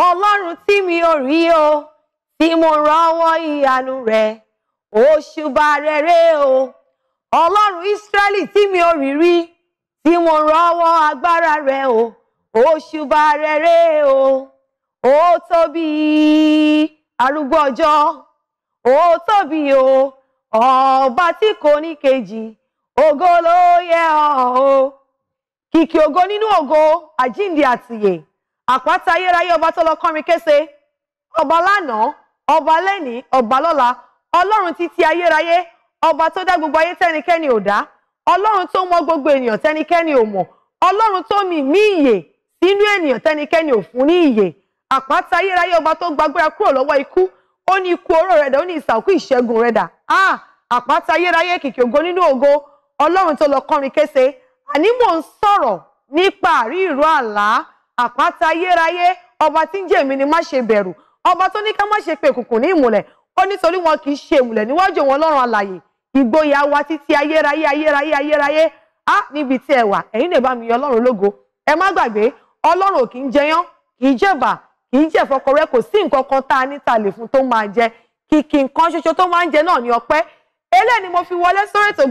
ọlọ́run tí mi ò rí o tí mo rọ́wọ́ ìyanu rẹ̀ òṣùbà rere o ọlọ́run ìsírẹ́lì tí mi ò rí rí tí mo rọ́wọ́ agbára rẹ̀ o òṣùbà rere o ó tóbi arúgbó ọjọ́ ó tóbi o ọba tí kò ní kejì ògo ló yẹ ọ́ o kìkì ògo nínú ògo àjíǹde àtìyè àpáta ayérayé ọba tó lọ kọrin kése ọba lánàá ọba lẹ́ni ọba lọ́la ọlọ́run títí ayérayé ọba tó dá gbogbo ayé tẹ́nikẹ́ni ò dá ọlọ́run tó mọ gbogbo ènìyàn tẹ́nikẹ́ni ò mọ̀ ọlọ́run tó mì mí ìyè sínú ènìyàn tẹ́nikẹ́ni ò fún ní ìyè àpáta ayérayé ọba tó gbàgbéra kúrò lọ́wọ́ ikú ó ní ikú oró rẹ̀ dà ó ní ìsàkú ìṣẹ́gun rẹ̀ dà ah àpáta ayérayé kìkì ògo nínú ògo ọlọ́run tó lọ kọrin kése àní mò ń sọ̀rọ̀ nípa àrí ìró àlá àpáta ayérayé ọba tí ń jẹ́ èmi ni má ṣe bẹ̀rù ọba tó ní ká má ṣe pe òkùnkùn ní ìmùlẹ̀ ó nítorí wọn kì í ṣe ìmùlẹ̀ níwájú wọn lọ́rùn alaye, ìgboyà wa títí ayérayé ayérayé ayérayé á níbi tí ẹ wà lè bá mi yọ ọlọrun lógo ẹ má gbàgbé ọlọ́run ò kì í jẹyán kì í fọkọrẹ kò sí ta lè fún tó máa jẹ kìkì nǹkan ṣoṣo tó máa ń jẹ náà ní ni mo fi wọlé sórí ètò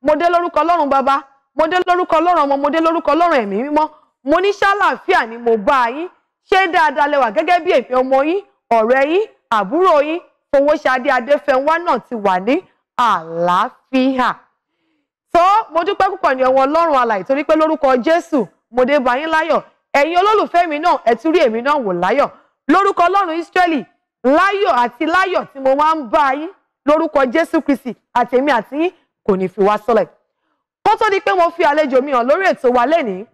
mo dé lórúkọ mo dé lórúkọ ọlọ́run ọmọ mo dé lórúkọ ọlọ́run ẹ̀mí mímọ́ mo ní ṣàlàáfíà ni mo bá yín ṣé dáadáa lẹwà gẹ́gẹ́ bí èmi ọmọ yín ọ̀rẹ́ yín àbúrò yín Fowóṣadé Adéfẹ́nwá náà ti wà ní àlàáfíà tó mo dúpẹ́ púpọ̀ ní ọwọ́ ọlọ́run alàyè torí pé lórúkọ Jésù mo dé bá yín láyọ̀ ẹ̀yin olólùfẹ́ mi náà ẹ tún rí èmi náà wò láyọ̀ lórúkọ ọlọ́run Ísírẹ́lì láyọ̀ àti láyọ̀ tí mo máa ń bá yín lórúkọ Jésù Kristi àtèmi àti yín kò ní fi wá sọ́lẹ̀ kó tó di pé mo fi àlejò mi hàn lórí ètò wa lénìí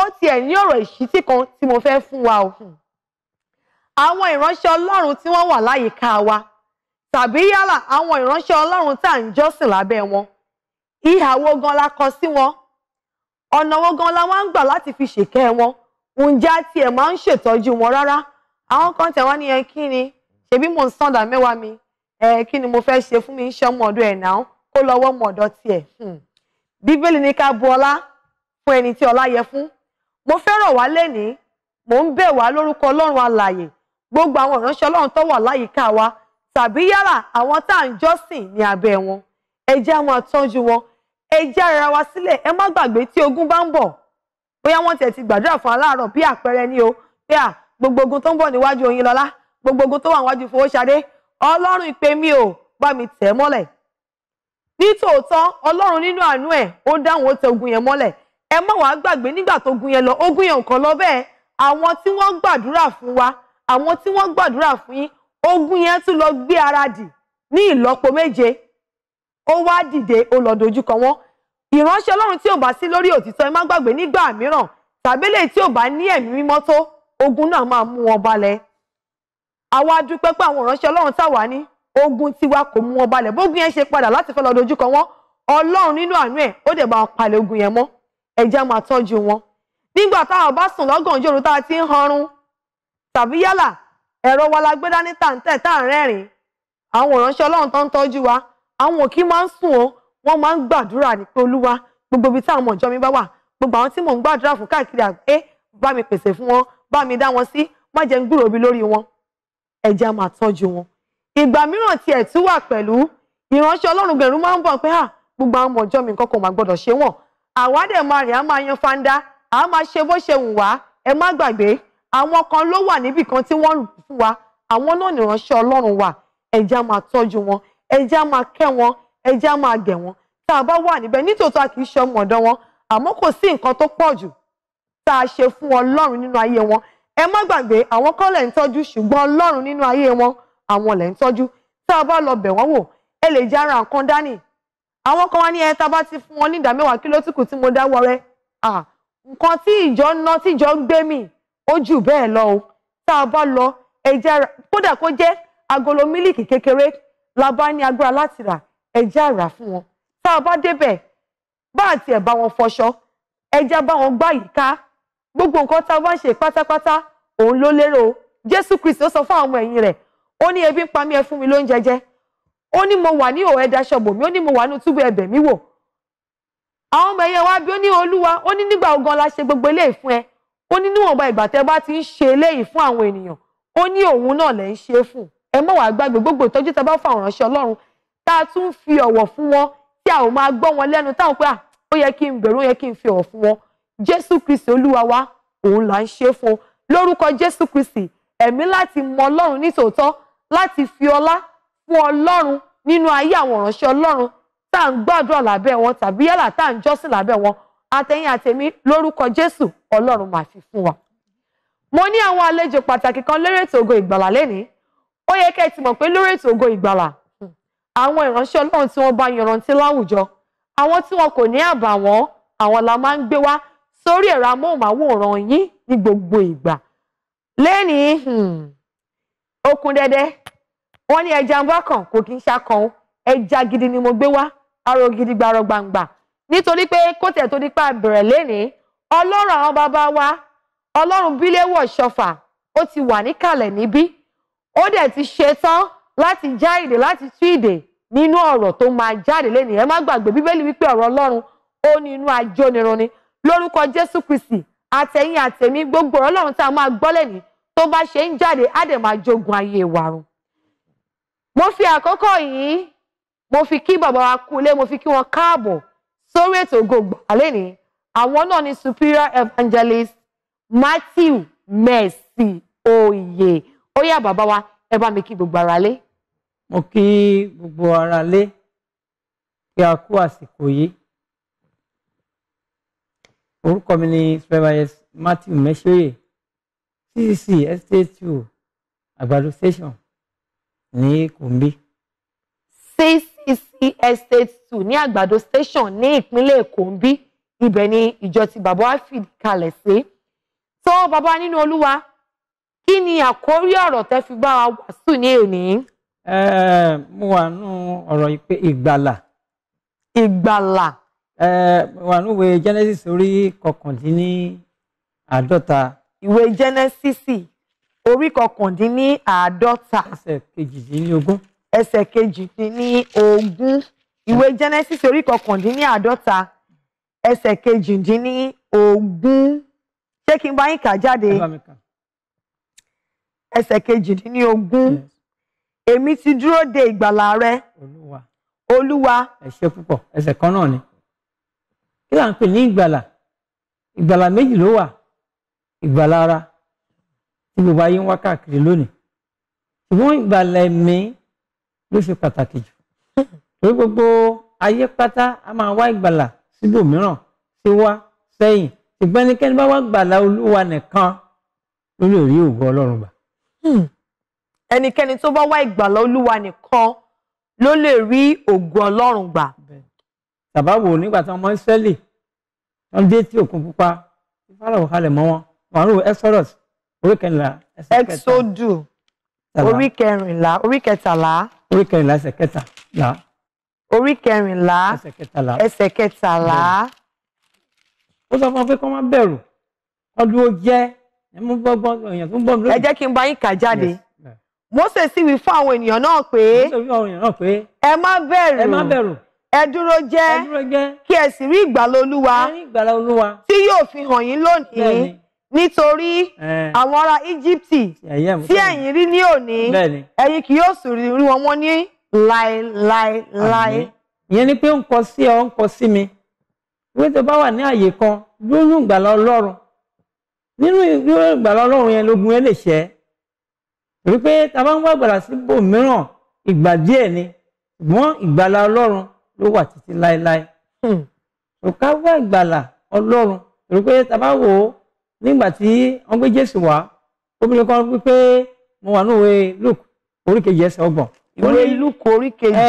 ó tiẹ̀ ní ọ̀rọ̀ ìṣítí kan tí mo fẹ́ fún wa o àwọn ìránṣẹ́ Ọlọ́run tí wọ́n wà láyìíká wa tàbí yálà àwọn ìránṣẹ́ Ọlọ́run tá à ń jọ́sìn lábẹ́ wọn ìhà wo gan la kọ sí wọn ọ̀nà wo gan la wá ń gbà láti fi ṣèkẹ́ wọn ǹjẹ́ a tiẹ̀ máa ń ṣètọ́jú wọn rárá àwọn kan tẹ̀ wá nìyẹn kí ni ṣebí mò ń sàndà mẹ́wàá mi ẹ kí ni mo fẹ́ ṣe fún mi ń ṣe ẹ̀ náà kó lọ́wọ́ ọmọ ọ̀dọ̀ tiẹ̀ hmm bíbélì ní ká bu ọlá fún ẹni tí ọlá yẹ fún mo fẹ́ wá lẹ́nìí mò ń bẹ̀ wá lórúkọ ọlọ́run alààyè gbogbo àwọn ìránṣẹ́ ọlọ́run tó wà láyìíká wa tàbí yálà àwọn tá à ń jọ́sìn ní abẹ́ wọn ẹ jẹ́ àwọn àtọ́jú wọn ẹ jẹ́ ara wa sílẹ̀ ẹ má gbàgbé tí ogun bá ń bọ̀ bóyá wọ́n tiẹ̀ ti gbàdúrà fún aláàárọ̀ bí àpẹẹrẹ ní o pé à gbogbo ogun tó ń bọ̀ níwájú Oyinlọ́lá gbogbo ogun tó wà níwájú Fowóṣadé ọlọ́run ìpè mi ò bá mi tẹ̀ mọ́lẹ̀ nítòótọ́ ọlọ́run nínú àánú ẹ̀ ó dáhùn ó tẹ ogun yẹn mọ́lẹ̀ ẹ má wàá gbàgbé nígbà tó ogun yẹn lọ ogun yẹn nǹkan lọ bẹ́ẹ̀ àwọn tí wọ́n gbàdúrà fún wa àwọn tí wọ́n gbàdúrà fún yín ogun yẹn tún lọ gbé ara dì ní ìlọ́po méje ó wá dìde ó lọ dojúkọ wọn ìránṣẹ́ ọlọ́run tí ò bá sí lórí òtítọ́ ẹ má gbàgbé nígbà mìíràn tàbílẹ̀ tí ò bá ní ẹ̀mí mímọ́ tó ogun náà máa mú wọn balẹ̀ àwa dúpẹ́ pé àwọn ìránṣẹ́ ọlọ́run táwa ní ogun tiwa kò mú wọn balẹ̀ bógun yẹn ṣe padà láti fẹ́ lọ dojúkọ wọn ọlọ́run nínú àánú ẹ̀ ó dẹ̀ bá wọn palẹ̀ ogun yẹn mọ́ ẹ jẹ́ máa tọ́jú wọn nígbà táwọn bá sùn lọ́gànjọ́ òru tá a ti ń hanrun tàbí yálà ẹ̀rọ wa la gbé dání tàǹtẹ̀ tá à ń rẹ́rìn àwọn òránṣẹ́ ọlọ́run tó ń tọ́jú wa àwọn òkí máa ń sùn o wọ́n máa ń gbàdúrà ní pé olúwa gbogbo ibi táwọn ọmọ ìjọ mi bá wà gbogbo ìgbà mìíràn tiẹ̀ tún wà pẹ̀lú ìránṣẹ́ ọlọ́run gbẹ̀rún máa ń bọ̀ pé gbogbo àwọn ọmọ ọjọ́ mi nǹkan kan mà gbọ́dọ̀ ṣe wọ́n àwa dẹ̀ máa rìn á máa yan fanda á máa ṣe bó ṣe wù wá ẹ má gbàgbé àwọn kan ló wà níbì kan tí wọ́n rù fún wa àwọn náà nìránṣẹ́ ọlọ́run wà ẹ jẹ́ á máa tọ́jú wọn ẹ jẹ́ á máa kẹ́ wọn ẹ máa gẹ̀ wọn tá a bá wà níbẹ̀ nítòótọ́ a kì í ṣe ọmọ ọ̀dọ́ wọn àmọ́ kò sí nǹkan tó pọ̀ jù tá a ṣe fún ọlọ́run nínú ayé wọn ẹ má gbàgbé àwọn kọ́lẹ̀ ń tọ́jú ṣùgbọ́n ọlọ́run nínú ayé wọn àwọn lẹ̀ ń tọ́jú tá a bá lọ bẹ̀ wọ́n wò ẹ lè já ara nǹkan dání àwọn kan wá ní ẹ tá a bá ti fún wọn ní ìdá mẹ́wàá kí ló tún kù tí mo dáwọ́ rẹ nǹkan tí ìjọ ń ná tí ìjọ ń gbé mì ó jù bẹ́ẹ̀ lọ o tá a bá lọ ẹ já ara kódà kó jẹ́ agolo mílìkì kékeré la bá ní agbára láti rà ẹ já ara fún wọn tá a bá débẹ̀ bá àti ẹ̀ bá wọn fọṣọ ẹ já bá wọn gbá yìí ká gbogbo nǹkan tá a bá ń ṣe pátápátá òun ló lérò Jésù Kristi ó sọ fún àwọn ẹ̀yìn rẹ̀ ó ní ebi ń pa mí ẹ fún mi lóúnjẹ jẹ ó ní mo wà ní òwò ẹ daṣọ bò ó ní mo wà ní túbú ẹbẹ̀ mi wò àwọn ọmọ ẹ̀yẹ wa bí ó ní olúwa ó ní nígbà ogan la ṣe gbogbo eléyìí fún ẹ ó ní níwọ̀nba ìgbà tẹ́ bá ti ń ṣe eléyìí fún àwọn ènìyàn ó ní òun náà lẹ́ ń ṣe fún ẹ mọ̀ wá gbàgbé gbogbo ìtọ́jú tẹ́ bá fún àwọn ìránṣẹ́ ọlọ́run tá a tún fi ọ̀wọ̀ fún wọn tí a ò máa gbọ́ wọn lẹ́nu táwọn pé ó yẹ kí n bẹ̀rù yẹ kí n fi ọ̀wọ̀ fún wọn jésù kristi olúwa wa òun là ń ṣe fún lórúkọ jésù kristi ẹ̀mí láti mọ ọlọ́run nítòótọ́ láti fi ọlá fún ọlọ́run nínú ayé àwọn ìránṣẹ́ ọlọ́run tá à ń gbàdúrà lábẹ́ wọn tàbí yálà tá à ń jọ́sìn lábẹ́ wọn àtẹ̀yìn àtẹ̀mí lórúkọ jésù ọlọ́run máa fi fún wa. mo ní àwọn àlejò pàtàkì kan lórí ètò ògo ìgbàlà lénìí ó yẹ kẹ́ ẹ ti mọ̀ pé lórí ètò ògo ìgbàlà hmm, àwọn ìránṣẹ́ ọlọ́run tí wọ́n bá yanrantí láwùjọ àwọn tí wọn kò ní àbàwọ́n àwọn la máa ń gbé wá sórí ẹ̀rọ amóhùnmáwòrán yín ní gbogbo ìgbà lénìí hmm, ó kún dẹ́dẹ́ wọ́n ní ẹja ń bá kàn kò kí ń ṣakàn o ẹja gidi ni mo gbé wá aró gidi gbarọ gbangba nítorí pé kó tẹ̀ tó nípa bẹ̀rẹ̀ lénìí ọlọ́run àwọn bàbá wa ọlọ́run bíléwọ̀ ṣọfà ó ti wà níkàlẹ̀ níbí ó dẹ̀ ti ṣe tán láti já ìdè láti tú ìdè nínú ọ̀rọ̀ tó máa jáde lénìí ẹ má gbàgbé bíbélì wípé ọ̀rọ̀ ọlọ́run ó ní inú ajónirun ni lórúkọ jésù kristi àtẹ̀yìn àtẹ̀mí gbogbo ọ̀rọ̀ tá a máa gbọ́ lẹ́nìí tó bá ṣe ń jáde á dẹ̀ máa jogun ayé wa run. mo fi àkókò yìí mo fi kí bàbá wa kú ilé mo fi kí wọn káàbọ̀ sórí ètò Ògo Ìgbàlà àwọn náà ni superior evangelist Matthew Mercy Oyè ó yá bàbá wa ẹ bá mi kí gbogbo ara lé. mo kí gbogbo ara lé kí a kú àsìkò yìí orúkọ mi ni supervisor Matthew Mercy Oyè TCC estate two àgbàdo station ní Kumbi. CCC estate two ní àgbàdo station ní ìpínlẹ̀ Èkó ń bí ibẹ̀ ni ìjọ tí bàbá wa fìdí kalẹ̀ sí. tó bàbá nínú Olúwa kí ni àkórí ọ̀rọ̀ tẹ́ fi bá wa wàásù ní òní. mo wà nù ọ̀rọ̀ yìí pé ìgbàlà. ìgbàlà. mo wà nù ìwé Genesis orí kọkàndínní àádọ́ta ìwé jẹ́nẹ́sísì orí kọkàndínní àádọ́ta ẹsẹ̀ kejìdínlógún ẹsẹ̀ kejìdínlógún ìwé jẹ́nẹ́sísì orí kọkàndínní àádọ́ta ẹsẹ̀ kejìdínlógún ṣé kí n bá yín kà jáde ẹsẹ̀ kejìdínlógún èmi ti dúró de ìgbàlà rẹ olúwa olúwa ẹ ṣé púpọ̀ ẹsẹ̀ kan náà ni kí là ń pè ní ìgbàlà ìgbàlà méjì ló wà ìgbàlára tí gbogbo ayé ń wá káàkiri lónìí ṣùgbọ́n ìgbàlà ẹ̀mí ló ṣe pàtàkì jù torí gbogbo ayé pátá a máa wá ìgbàlà síbòmíràn sí wá sẹ́yìn ṣùgbọ́n ẹnikẹ́ni bá wá gbàlà olúwa nìkan ló lè rí ògo ọlọ́run gbà. Hmm. ẹnikẹ́ni tó bá wá ìgbàlà olúwa nìkan ló lè rí ògo ọlọ́run gbà. tàbá wò nígbà tí ọmọ Ísírẹ́lì wọ́n dé tí òkun pupa fáráò halẹ̀ mọ́ wọn ọ̀run exodus orí kẹrìnlá ẹsẹ̀ kẹta exodu orí kẹrìnlá orí kẹtàlá orí kẹrìnlá ẹsẹ̀ kẹtàlá orí kẹrìnlá ẹsẹ̀ kẹtàlá. ó sọ fún ọ pé kó má bẹ̀rù ọdún ó jẹ́ èèyàn tó ń gbọ́ mi lónìí. ẹ jẹ́ kí n bá yín kà jáde Mósè sì wí fún àwọn ènìyàn náà pé ẹ má bẹ̀rù ẹ má bẹ̀rù ẹ dúró jẹ́ kí ẹ sì rí ìgbàlà Olúwa tí yóò fi hàn yín lónìí nítorí àwọn ará íjíbítì tí ẹ̀yin rí ní òní ẹ̀yin kì yóò sì rí wọn mọ́ ní láéláéláé. ìyẹn ni pé ń kọ sí ọ ń kọ sí mi ìwé tó bá wà ní àyè kan lóyún ìgbàlá ọlọ́run nínú ìgbàlá ọlọ́run yẹn lógun yẹn lè ṣẹ́ torí pé ta bá ń wá ìgbàlá síbò mìíràn ìgbà díẹ̀ ni ṣùgbọ́n ìgbàlá ọlọ́run ló wà títí láéláé. òkà hmm. wá ìgbàlá ọlọ́run torí pé ta bá wò ó nígbà tí wọ́n gbé jésù wá obìnrin kan wípé mo wà ní òwe luke oríkejì ẹsẹ̀ ọgbọ̀n. ìwé luke oríkejì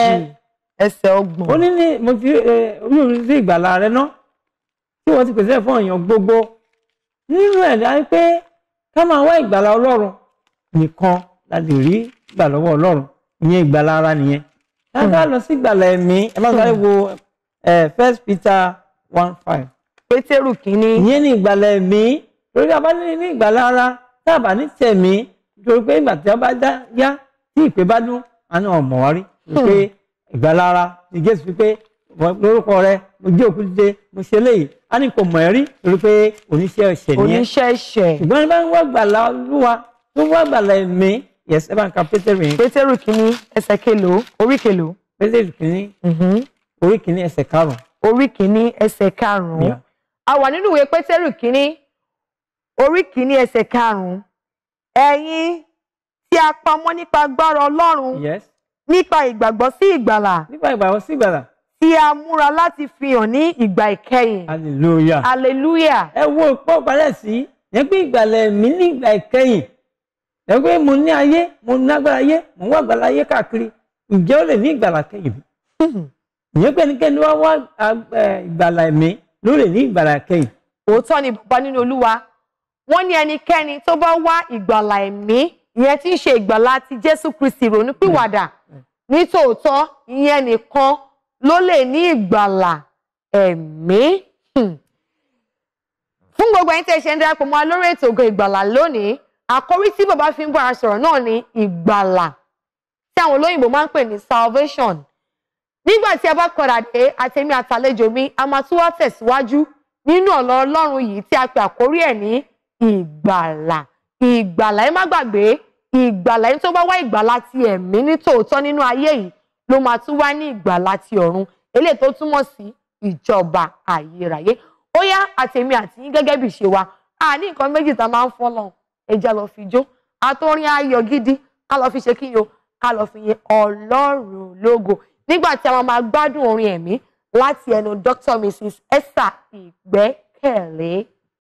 ẹsẹ̀ ọgbọ̀n. ó ní ní mo ti orí mi sí ìgbàlá rẹ ná tí wọ́n ti pèsè fún èèyàn gbogbo nínú ẹ̀ dá pé ká máa wá ìgbàlá ọlọ́run nìkan la lè rí ìgbà lọ́wọ́ ìyẹn ìgbàlá ara nìyẹn. ká hmm. lọ sí ìgbàlá ẹ̀mí ẹ má sáré hmm. wo first peter one five. pétérù kínní. ìyẹn ni ìgbàlá ẹ̀mí torí a bá ní ní ìgbàlára tá a bá ní tẹ̀mí torí pé ìgbà tí a bá dá yá tí ìpè bá dún àná ọmọ wa rí pé ìgbàlára ti Jésù wípé lórúkọ rẹ mo jẹ́ òkú dìde mo ṣe léyìí a ní kò mọ̀ ẹ́ rí torí pé oníṣẹ́ ẹ̀ṣẹ̀ nìyẹn oníṣẹ́ ẹ̀ṣẹ̀ ṣùgbọ́n ní bá ń wá gbàlà olúwa tó wá gbàlà ẹ̀mí yẹsẹ bá ń ka Pétérù yẹn. Pétérù kìíní ẹsẹ̀ kélòó orí kélòó. Pétérù kìíní mm-hmm. orí kìíní ẹsẹ̀ karùn-ún. orí kìíní ẹsẹ̀ karùn-ún. a wà nínú ìwé Pétérù kìíní orí kìíní ẹsẹ̀ karùn-ún ẹ̀yin tí a pamọ́ nípa agbára Ọlọ́run nípa ìgbàgbọ́ sí ìgbàlà nípa ìgbàgbọ́ sí ìgbàlà tí a múra láti fi hàn ní ìgbà ìkẹyìn hallelujah hallelujah ẹ wo ìpọ́ parẹ́ sí yẹn pé ìgbàlẹ̀ mi ní ìgbà ìkẹyìn yẹn pé mo ní ayé mo ní agbára ayé mo wá àgbàlá ayé káàkiri ǹjẹ́ ó lè ní ìgbàlà kẹyìn mi ìyẹn pé ẹnikẹ́ni wá wá ìgbàlà ẹ̀mí ló lè ní ìgbàlà kẹyìn. òótọ́ ni bàbá nínú Olúwa wọ́n ní ẹnikẹ́ni tó bá wá ìgbàlà ẹ̀mí ìyẹn tí ń ṣe ìgbàlà ti Jésù Kristi ronúpìwàdà ní tòótọ́ ìyẹn nìkan ló lè ní ìgbàlà ẹ̀mí. Hmm. fún gbogbo ẹ̀yin tẹ́ ṣe ń darapọ̀ mọ́ lórí ètò Ògo Ìgbàlà lónìí àkórí tí bàbá fi ń bára sọ̀rọ̀ náà ni ìgbàlà tí àwọn olóyìnbó máa ń pè ní salvation nígbà tí a bá kọ̀dà dé àtẹ̀mí àtàlejò mi a máa tún wá tẹ̀síwájú nínú ọ̀lọ́ Ọlọ́run yìí tí a pè àkórí ẹ̀ ní ìgbàlà ìgbàlà ẹ má gbàgbé ìgbàlà ẹni tó bá wá ìgbàlà ti ẹ̀mí ní tòótọ́ nínú ayé yìí ló máa tún wá ní ìgbàlà ti ọ̀run eléyìí tó túmọ̀ sí ìjọba àyérayé ó yá àtèmi àti yín gẹ́gẹ́ bí ṣe wa a ní nǹkan méjì tá a máa ń fọ́ lọ́hùn ẹja lọ fi jó àtọrin ayọ̀ gidi ká lọ fi ṣe kí ni o ká lọ fi yin ọlọ́run lógo nígbà tí a máa gbádùn orin ẹ̀mí láti ẹnu Dr. Mrs. Esther Ìgbẹ́kẹ̀lé.